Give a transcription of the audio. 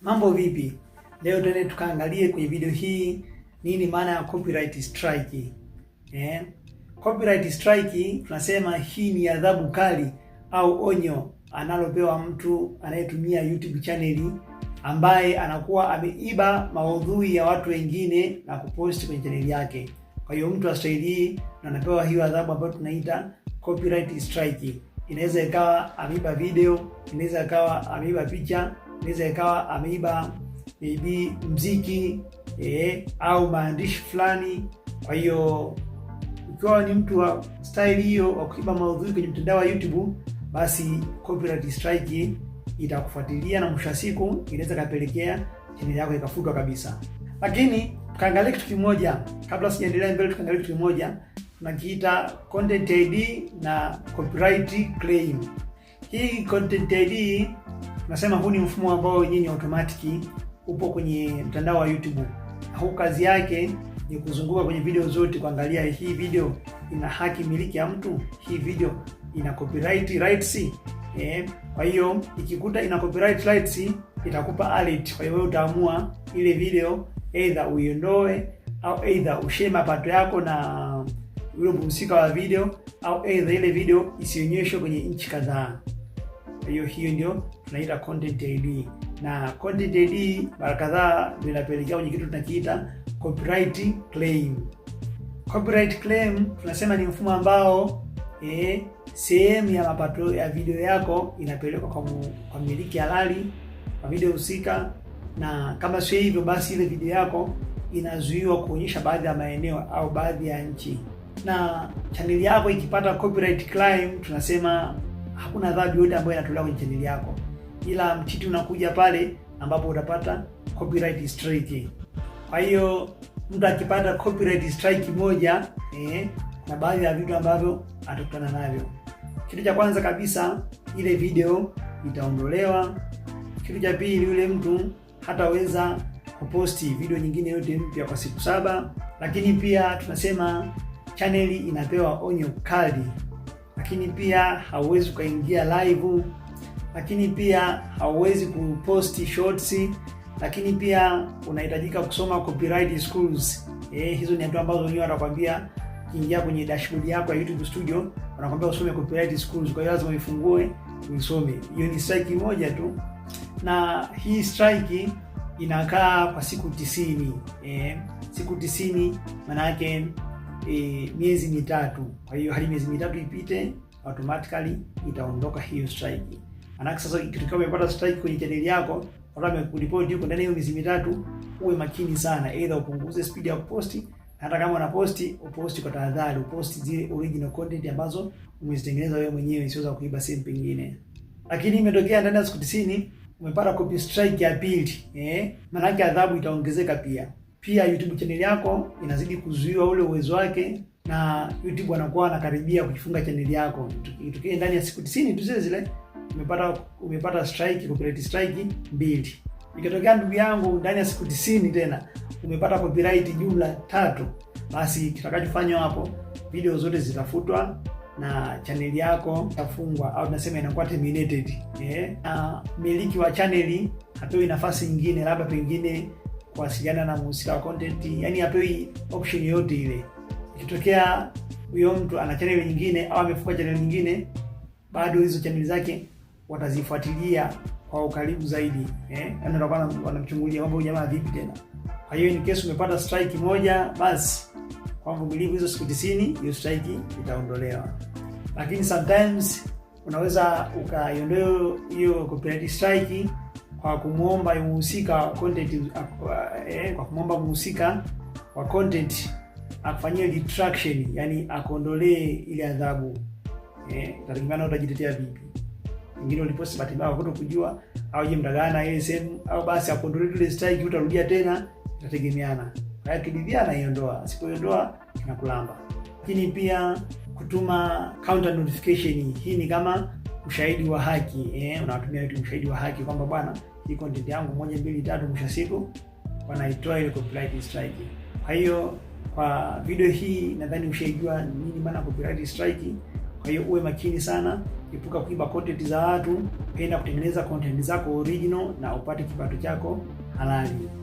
Mambo vipi? Leo tuende tukaangalie kwenye video hii nini maana ya copyright strike. Eh? Copyright strike tunasema hii ni adhabu kali au onyo analopewa mtu anayetumia YouTube channel ambaye anakuwa ameiba maudhui ya watu wengine na kuposti kwenye channel yake. Kwa hiyo mtu astahili na anapewa hiyo adhabu ambayo tunaita copyright strike. Inaweza ikawa ameiba video, inaweza ikawa ameiba picha inaweza ikawa ameiba maybe mziki eh, au maandishi fulani. Kwa hiyo ukiwa ni mtu wa staili hiyo wa kuiba maudhui kwenye mtandao wa YouTube, basi copyright strike itakufuatilia na mwisho wa siku inaweza kapelekea chaneli yako ikafutwa kabisa. Lakini tukaangalia kitu kimoja kabla sijaendelea mbele, tukaangalia kitu kimoja tunakiita content ID na copyright claim. Hii content ID Nasema huu ni mfumo ambao nyinyi automatic upo kwenye mtandao wa YouTube. Huu kazi yake ni kuzunguka kwenye video zote kuangalia hii video ina haki miliki ya mtu, hii video ina copyright rights. Eh, kwa hiyo ikikuta ina copyright rights itakupa alert. Kwa hiyo wewe utaamua ile video either uiondoe au either ushare mapato yako na yule mhusika wa video au either ile video isionyeshwe kwenye nchi kadhaa hiyo hiyo ndio tunaita content ID, na content ID mara kadhaa vinapelekea kwenye kitu tunakiita copyright claim. Copyright claim tunasema ni mfumo ambao eh, sehemu ya mapato ya video yako inapelekwa kwa, kwa miliki halali kwa video husika, na kama sio hivyo, basi ile video yako inazuiwa kuonyesha baadhi ya maeneo au baadhi ya nchi, na chaneli yako ikipata copyright claim tunasema hakuna dhabu yote ambayo inatolewa kwenye chaneli yako, ila mtiti unakuja pale ambapo utapata copyright strike. Kwa hiyo mtu akipata copyright strike moja eh, na baadhi ya vitu ambavyo atakutana navyo. Kitu cha kwanza kabisa, ile video itaondolewa. Kitu cha pili, yule mtu hataweza kuposti video nyingine yote mpya kwa siku saba. Lakini pia tunasema chaneli inapewa onyo kali lakini pia hauwezi ukaingia live, lakini pia hauwezi kuposti shorts, lakini pia unahitajika kusoma copyright schools. Eh, hizo ni hatua ambazo wenyewe watakwambia kiingia kwenye dashboard yako ya YouTube Studio, wanakwambia usome copyright schools. Kwa hiyo lazima uifungue uisome. Hiyo ni strike moja tu, na hii strike inakaa kwa siku tisini. Eh, siku tisini maana yake e, miezi mitatu. Kwa hiyo hadi miezi mitatu ipite, automatically itaondoka hiyo strike. Maana sasa ikitokea umepata strike kwenye channel yako, watu wamekuripoti huko ndani ya miezi mitatu, uwe makini sana, aidha upunguze speed ya kuposti hata kama una unaposti uposti kwa tahadhari, uposti zile original content ambazo umezitengeneza wewe mwenyewe, siweza kuiba sehemu pengine. Lakini imetokea ndani ya siku 90 umepata copy strike ya pili, eh, maana yake adhabu itaongezeka pia. Pia YouTube channel yako inazidi kuzuiwa ule uwezo wake, na YouTube anakuwa anakaribia kuifunga channel yako. Itokee ndani ya siku 90 tu zile zile umepata umepata strike, copyright strike mbili. Ikitokea ndugu yangu, ndani ya siku 90 tena umepata copyright jumla tatu, basi kitakachofanywa hapo, video zote zitafutwa na channel yako itafungwa au tunasema inakuwa terminated. Eh, yeah. Miliki wa channel hapewi nafasi nyingine, labda pengine kuwasiliana na mhusika wa content, yani apewi option yoyote ile. Ikitokea huyo mtu ana channel nyingine au amefunga channel nyingine, bado hizo channel zake watazifuatilia kwa ukaribu zaidi eh, yani watakuwa wanamchungulia mambo, jamaa vipi tena. Kwa hiyo in case umepata strike moja, basi kwa mvumilivu, hizo siku 90 hiyo strike itaondolewa, lakini sometimes unaweza ukaiondoa hiyo copyright strike kwa kumwomba muhusika content eh, kwa kumwomba muhusika wa content akufanyie retraction, yani akondolee ile adhabu eh, utategemeana utajitetea vipi. Ingine uliposti bahati mbaya kuto kujua, au je mtagana ile sehemu, au basi akondolee ile strike, utarudia tena, utategemeana. Kwa hiyo kibibiana hiyo ndoa, asipoiondoa inakulamba. Lakini pia kutuma counter notification, hii ni kama ushahidi wa haki eh, unawatumia YouTube ushahidi wa haki kwamba bwana, hii content yangu moja mbili tatu, mwisho siku wanaitoa ile copyright strike. Kwa hiyo kwa video hii nadhani ushaijua nini maana copyright strike. Kwa hiyo uwe makini sana, epuka kuiba content za watu, penda kutengeneza content zako original na upate kipato chako halali.